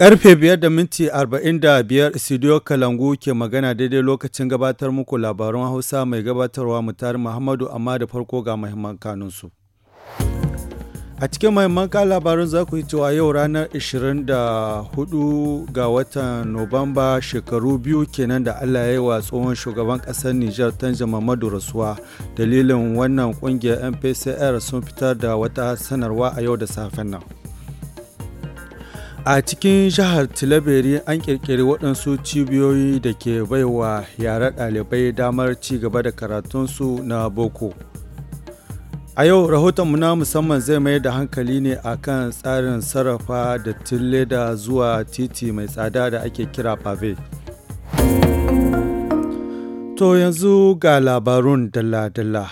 Karfe biyar da minti arba'in da biyar Studio Kalangu ke magana daidai lokacin gabatar muku labarun Hausa mai gabatarwa mutari Muhammadu amma da farko ga mahimman kanunsu. A cikin mahimman ka labarun za ku yi cewa yau ranar 24 ga watan Nuwamba shekaru biyu kenan da Allah ya yi wa tsohon shugaban ƙasar Nijar Tanja Mamadu Rasuwa. Dalilin wannan ƙungiyar MPCR sun fitar da wata sanarwa a yau da safen nan. A cikin jihar Tilaberi an kirkiri waɗansu cibiyoyi da ke baiwa yare ɗalibai damar ci gaba da karatunsu na boko. A yau rahotonmu na musamman zai mai da hankali ne a kan tsarin sarrafa da da zuwa titi mai tsada da ake kira pave. To yanzu ga labarun dalla-dalla.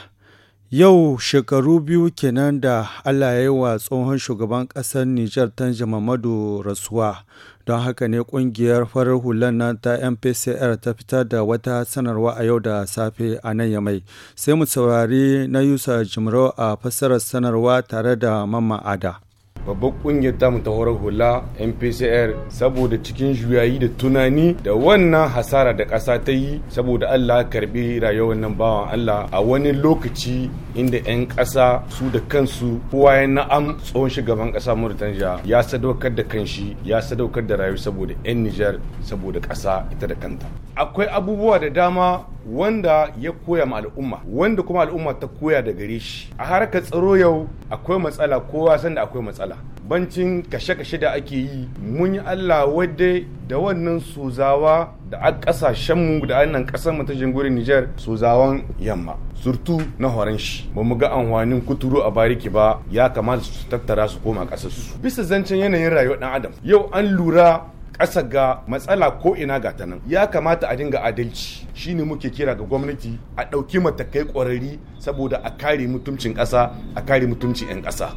Yau shekaru biyu kenan da Allah ya yi wa tsohon shugaban ƙasar Nijar Tanja Mamadu rasuwa, don haka ne ƙungiyar farar hular nan ta MPCR ta fitar da wata sanarwa a yau da safe a nan yamai. Sai mu saurari na Yusa Jimro a fassarar sanarwa tare da Mamma Ada. babbar kungiyar tamu ta horar hula mpcr saboda cikin juyayi da tunani da wannan hasara da ƙasa ta yi saboda allah karbi rayuwar nan bawan allah a wani lokaci inda 'yan ƙasa su da kansu kowa ya na'am tsohon shugaban ƙasa murtanja ya sadaukar da kanshi ya sadaukar da rayu saboda 'yan nijar saboda ƙasa ita da kanta akwai abubuwa da dama wanda ya koya ma al'umma wanda kuma al'umma ta koya da gare shi a harkar tsaro yau akwai matsala kowa san da akwai matsala bancin kashe-kashe da ake yi mun yi Allah wadda da wannan sozawa da a mu da annan kasar mu ta jingurin Nijar sozawan yamma surtu na horon shi ba mu ga amfanin kuturu a bariki ba ya kamata su tattara su koma kasar su bisa zancen yanayin rayuwar dan adam yau an lura ƙasa ga matsala ko ina ga ta nan ya kamata a dinga adalci shi shine muke kira ga gwamnati a ɗauki matakai ƙwararri saboda a kare mutuncin ƙasa a kare mutuncin 'yan ƙasa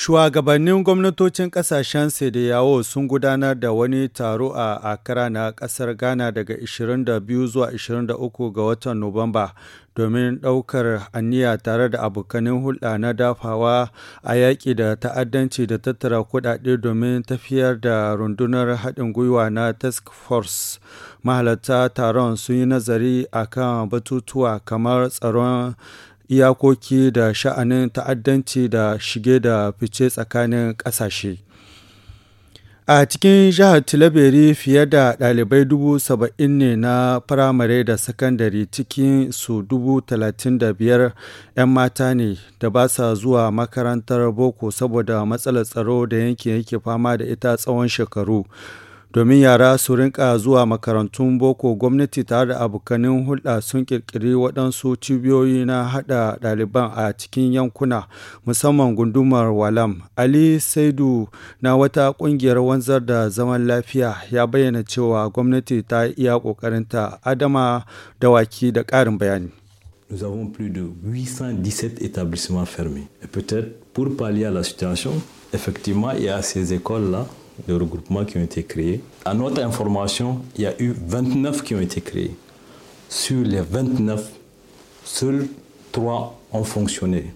Shugabannin gwamnatocin kasashen Yawo sun gudanar da wani taro a Akara na ƙasar Ghana daga 22 zuwa 23 ga watan Nuwamba domin ɗaukar aniya tare da abokanin hulɗa na dafawa a yaƙi da ta'addanci da tattara kuɗaɗe domin tafiyar da rundunar haɗin gwiwa na task force mahalarta taron sun yi nazari a kan batutuwa kamar tsaron iyakoki da sha'anin ta'addanci da shige da fice tsakanin ƙasashe. A cikin jihar Tilaberi fiye da ɗalibai dubu saba'in ne na firamare da sakandare cikin su dubu talatin da biyar 'yan mata ne da ba sa zuwa makarantar boko saboda matsalar tsaro da yanke yake fama da ita tsawon shekaru. domin yara su rinka zuwa makarantun boko gwamnati tare da abokanin hulɗa sun kirkiri waɗansu cibiyoyi na haɗa ɗaliban a cikin yankuna musamman gundumar walam ali saidu na wata ƙungiyar wanzar da zaman lafiya ya bayyana cewa gwamnati ta iya ƙoƙarinta adama dawaki da ƙarin bayani nous avons plus de 817 établissements fermés. Et peut-être pour pallier à la situation, effectivement, il y a ces écoles-là de regroupements qui ont été créés. À notre information, il y a eu 29 qui ont été créés. Sur les 29, seuls 3 ont fonctionné,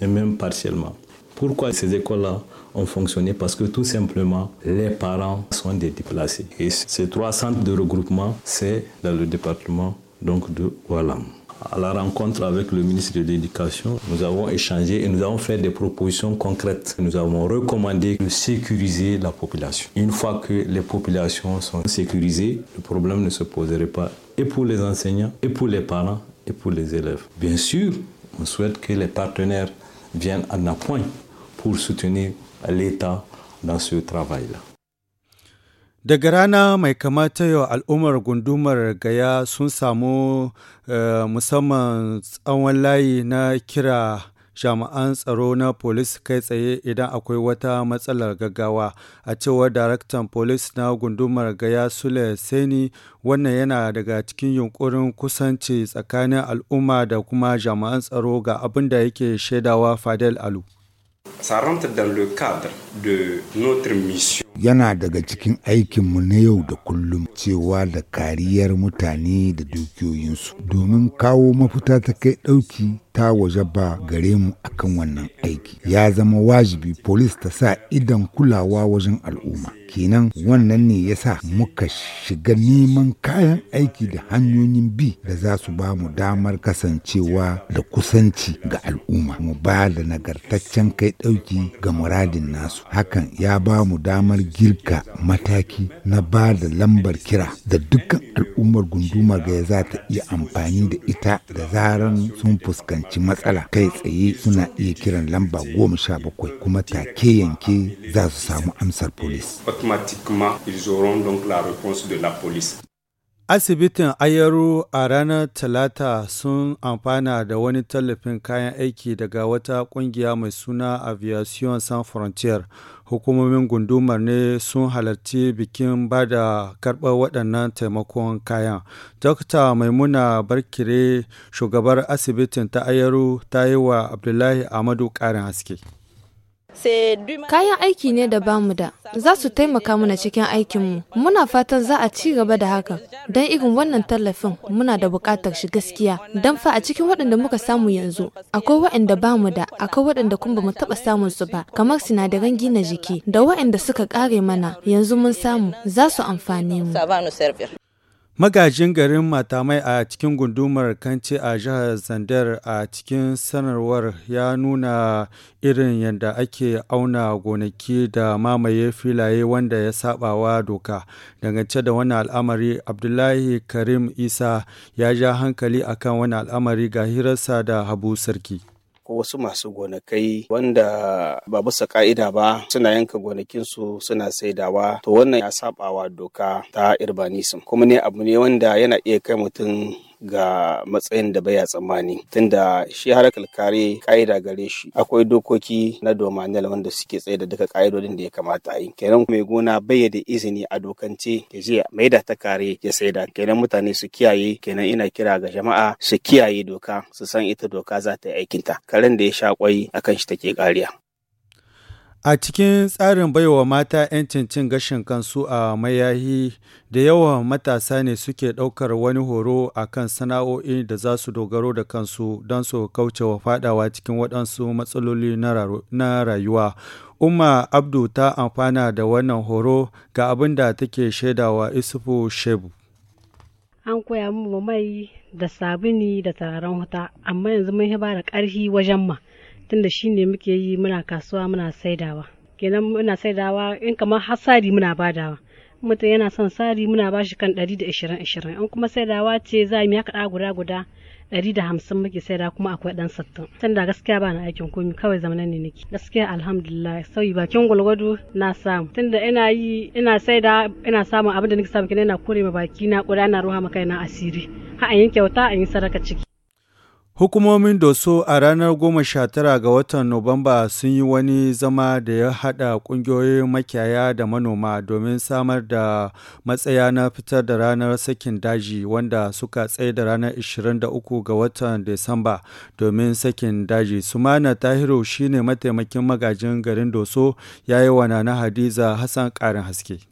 et même partiellement. Pourquoi ces écoles-là ont fonctionné Parce que tout simplement, les parents sont des déplacés. Et ces trois centres de regroupement, c'est dans le département donc, de Walam à la rencontre avec le ministre de l'Éducation, nous avons échangé et nous avons fait des propositions concrètes. Nous avons recommandé de sécuriser la population. Une fois que les populations sont sécurisées, le problème ne se poserait pas et pour les enseignants, et pour les parents, et pour les élèves. Bien sûr, on souhaite que les partenaires viennent en appoint pour soutenir l'État dans ce travail-là. Daga rana mai kamata yau al'ummar gundumar gaya sun samu uh, musamman tsawon layi na kira jami'an tsaro na polis kai tsaye idan akwai wata matsalar gaggawa a cewar daraktan polis na gundumar gaya sule seni wannan yana daga cikin yunkurin kusanci tsakanin al'umma da kuma jami'an tsaro ga abin da yake shaidawa fadel alu Yana daga cikin aikinmu na yau da kullum cewa da kariyar mutane da dukiyoyinsu domin kawo mafita ta kai ɗauki ta waje ba gare mu akan wannan aiki ya zama wajibi polis ta sa idan kulawa wajen al'umma kenan wannan ne ya sa muka shiga neman kayan aiki da hanyoyin bi da za su ba mu damar kasancewa da kusanci ga al'umma mu ba da nagartaccen kai ɗauki ga muradin nasu hakan ya ba mu damar girka mataki na ba da lambar kira da dukkan al'ummar gunduma ga ya za ta iya amfani da ita da zaran sun fuskanci fuskanci matsala kai tsaye suna iya kiran lamba goma sha bakwai kuma take yanke za su samu amsar polis. Asibitin Ayaru a ranar Talata sun amfana da wani tallafin kayan aiki daga wata ƙungiya mai suna Aviation Sans Frontier. Hukumomin gundumar ne sun halarci bikin ba da karɓar waɗannan taimakon kayan. Dokta Maimuna Barkire, shugabar asibitin ta Ayaru, ta yi wa Abdullahi Amadu ƙarin haske. Kayan aiki ne da bamu da, za su taimaka mana cikin aikinmu. Muna fatan za a ci gaba da haka, don irin wannan tallafin muna da buƙatar shi gaskiya. Don fa a cikin waɗanda muka samu yanzu, akwai waɗanda bamu da, akwai waɗanda kuma mu taɓa samun su ba, kamar sinadaran gina jiki, da waɗanda suka ƙare mana yanzu mun samu za su amfane mu. Magajin garin Matamai a cikin gundumar Kance a jihar Zandar a cikin sanarwar ya nuna irin yadda ake auna gonaki da mamaye filaye wanda ya sabawa doka. Dangance da wani al'amari, Abdullahi Karim Isa ya ja hankali akan wani al'amari ga hirarsa da Habu Sarki. ko wasu masu gonakai wanda ba bisa ka'ida ba suna yanka gonakinsu suna saidawa to wannan ya sabawa doka ta urbanism kuma ne abu ne wanda yana iya kai mutum ga matsayin da baya tsammani tunda shi harakar kare ka'ida gare shi akwai dokoki na domanel wanda suke tsaye da duka ka'idodin da ya kamata a yi kenan mai gona bai da izini a dokance ya je mai da ta kare ya saida kenan mutane su kiyaye kenan ina kira ga jama'a su kiyaye doka su san ita doka za ta yi aikinta karen da ya sha kwai akan shi take kariya A cikin tsarin baiwa mata 'yancin cin gashin kansu a mayahi da yawa matasa ne suke ɗaukar wani horo a kan sana'o'i da za su dogaro da kansu don su kauce wa fadawa cikin waɗansu matsaloli na rayuwa. Umma Abdu ta amfana da wannan horo ga abin da take shaidawa Isufu Shebu. An koya mu mai da sabini da turaren wuta, amma yanzu mun ba da ƙarfi wajen ma. tunda shi ne muke yi muna kasuwa muna saidawa kenan muna saidawa in kamar har sari muna badawa mutum yana son sari muna ba shi kan ɗari da ishirin ishirin in kuma saidawa ce za mu yaka ɗa guda guda ɗari da hamsin muke saida kuma akwai ɗan sattin tun da gaskiya ba na aikin komi kawai zamanin ne nake gaskiya alhamdulillah sauyi bakin gwalgwado na samu tun da ina yi ina saida ina samun abin da nake samu kenan ina kore ma baki na ƙura ina ruha ma kaina asiri ha an yi kyauta an yi sadaka ciki Hukumomin Doso a ranar goma sha tara ga watan Nuwamba sun yi wani zama da ya haɗa ƙungiyoyin makiyaya da manoma domin samar da matsaya na fitar da ranar sakin daji wanda suka tsaye da ranar 23 ga watan Disamba domin sakin daji. Sumana Tahiru shine mataimakin magajin garin Doso ya yi wa na Hadiza Hassan ƙarin haske.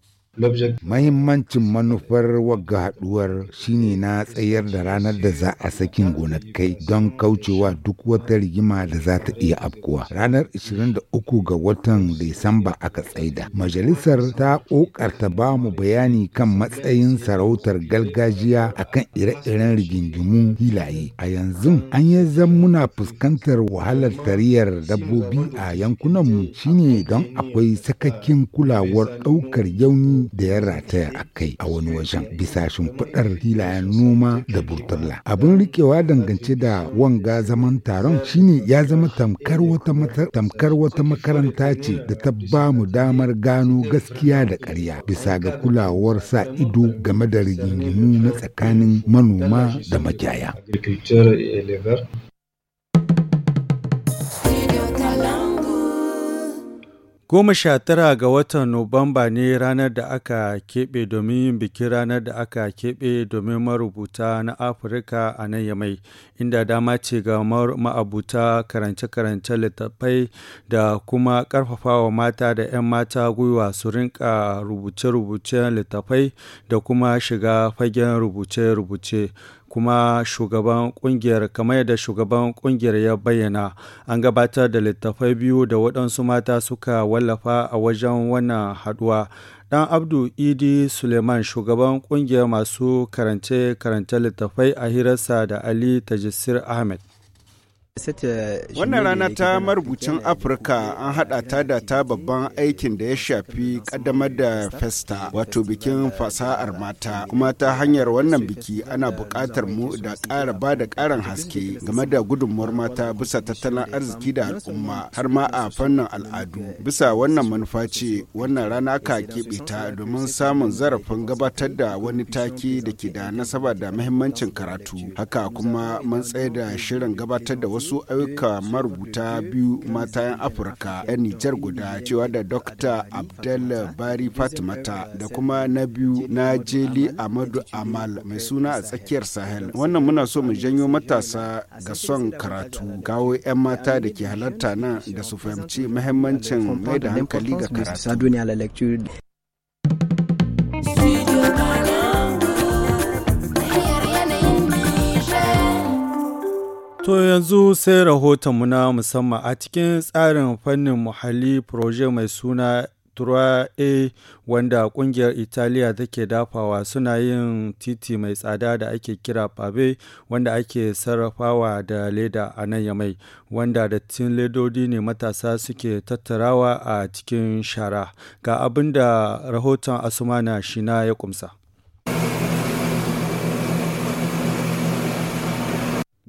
Mahimmancin manufar wagga haduwar shine na tsayar da ranar da za a sakin gonakai don kaucewa duk wata rigima da za ta iya afkuwa. Ranar 23 ga watan Disamba aka tsaida. Majalisar ta kokarta ba mu bayani kan matsayin sarautar gargajiya kan ire-iren rigingimu hilaye. A yanzu an yi zan muna fuskantar wahalar tariyar dabbobi a yankunanmu shine don akwai sakakken kulawar ɗaukar yauni da ya rataya a kai a wani wajen bisa shimfiɗar filayen noma da burtalla abin rikewa dangance da wanga zaman taron shine ya zama tamkar wata makaranta ce da ta ba mu damar gano gaskiya da ƙarya bisa ga kulawar sa ido game da rigingimu na tsakanin manoma da makiyaya Goma sha tara ga watan Nuwamba ne ranar da aka keɓe domin yin bikin ranar da aka keɓe domin marubuta na Afirka a nan yamai, inda dama ce ga ma'abuta karance-karance littattafai da kuma karfafawa mata da 'yan mata gwiwa su rinka rubuce-rubucen littattafai da kuma shiga fagen rubuce-rubuce. kuma shugaban kungiyar kamar yadda shugaban kungiyar ya bayyana an gabatar da littafai biyu da waɗansu mata suka wallafa a wajen wannan haɗuwa dan abdu idi suleiman shugaban kungiyar masu karance-karance littafai a hirarsa da ali tajisir ahmed Wannan rana ta marubucin Afirka an haɗa ta da ta babban aikin da ya shafi ƙaddamar da festa wato bikin fasa'ar mata kuma ta hanyar wannan biki ana buƙatar mu da ƙara ba da ƙarin haske game da gudunmuwar mata bisa tattalin arziki da al'umma har ma a fannin al'adu. Bisa wannan manufa ce wannan rana ka keɓe ta domin samun zarafin gabatar da wani take da ke da nasaba da muhimmancin karatu. Haka kuma mun tsaye da shirin gabatar da wasu wasu ayyuka marubuta biyu mata 'yan Afirka 'yan Nijar guda cewa da Dr. Abdel Bari Fatimata da kuma na biyu na Jeli Amadu Amal mai suna a tsakiyar Sahel. Wannan muna so mu janyo matasa ga son karatu gawo 'yan mata da ke halarta nan da su fahimci mahimmancin mai da hankali ga karatu. To yanzu sai rahotonmu na musamman a cikin tsarin fannin muhalli proje mai suna Tura A wanda kungiyar Italiya take dafawa suna yin titi mai tsada da ake kira Pabe wanda ake sarrafawa da leda a nan yamai wanda dattin ledodi ne matasa suke tattarawa a cikin shara ga abin da rahoton Asumana Shina ya kumsa.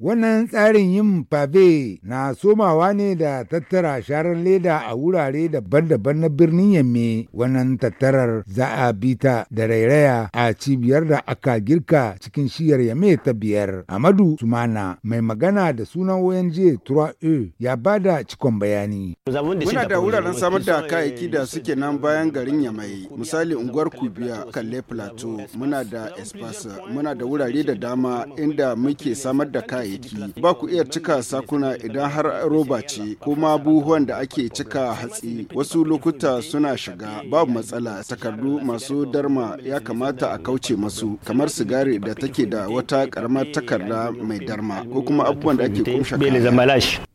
Wannan tsarin yin fabe na somawa ne da tattara sharar leda a wurare daban-daban na birnin Yamme wannan tattarar za a bi ta da rairaya a cibiyar da aka girka cikin shiyar Yamme ta biyar. Amadu Sumana mai magana da sunan ONG 3 ya ba da cikon bayani. Muna da wuraren samar da kayayyaki da suke nan bayan garin Yamai misali unguwar Kubiya Kalle Plateau muna da Espasa muna da wurare da dama inda muke samar da kayayyaki kayayyaki ba ku iya cika sakuna idan har roba ce ko ma buhuwan da ake cika hatsi wasu lokuta suna shiga babu matsala takardu masu darma ya kamata a kauce masu kamar sigari da take da wata karamar takarda mai darma ko kuma abubuwan da ake kumsha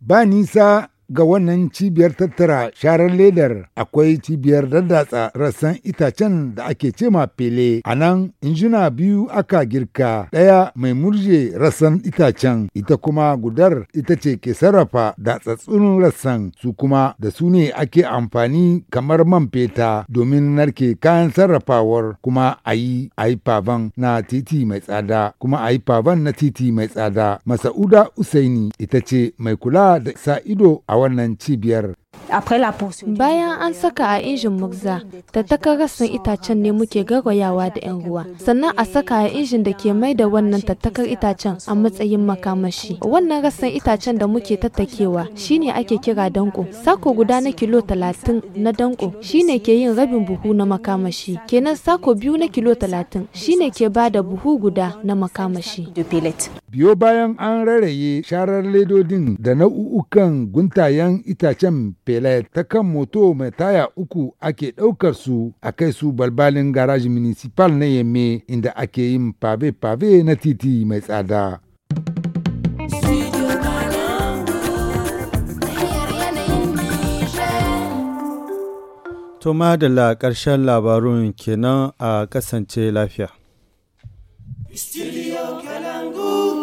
ba nisa ga wannan cibiyar tattara sharar ledar akwai cibiyar daddatsa rassan itacen da ake cema fele a nan injina biyu aka girka ɗaya mai murje rassan itacen ita kuma gudar ita ce ke sarrafa datsatsun rassan su kuma da su ne ake amfani kamar man feta domin narke kayan sarrafawar kuma a yi favan na titi mai tsada kuma a yi faban na titi mai tsada masa'uda usaini ita ce mai kula da sa ido a a wannan cibiyar Bayan an saka a injin mugza, da rasin itacen ne muke garwayawa da 'yan ruwa. Sannan a saka a injin da ke mai da wannan tattakar itacen a matsayin makamashi. Wannan rasin itacen da muke tattakewa shine ake kira danko. Sako guda na kilo 30 na danko shine ke yin rabin buhu na makamashi. Kenan sako biyu na kilo 30 shine ke ba da buhu guda na makamashi. Biyo bayan an rarraye sharar ledodin da nau'ukan guntayen itacen pelet ta kan moto mai taya uku ake ɗaukar su a kai su balbalin garaji municipal na yamme inda ake yin pave-pave na titi mai tsada. To madalla karshen labarun kenan a kasance lafiya.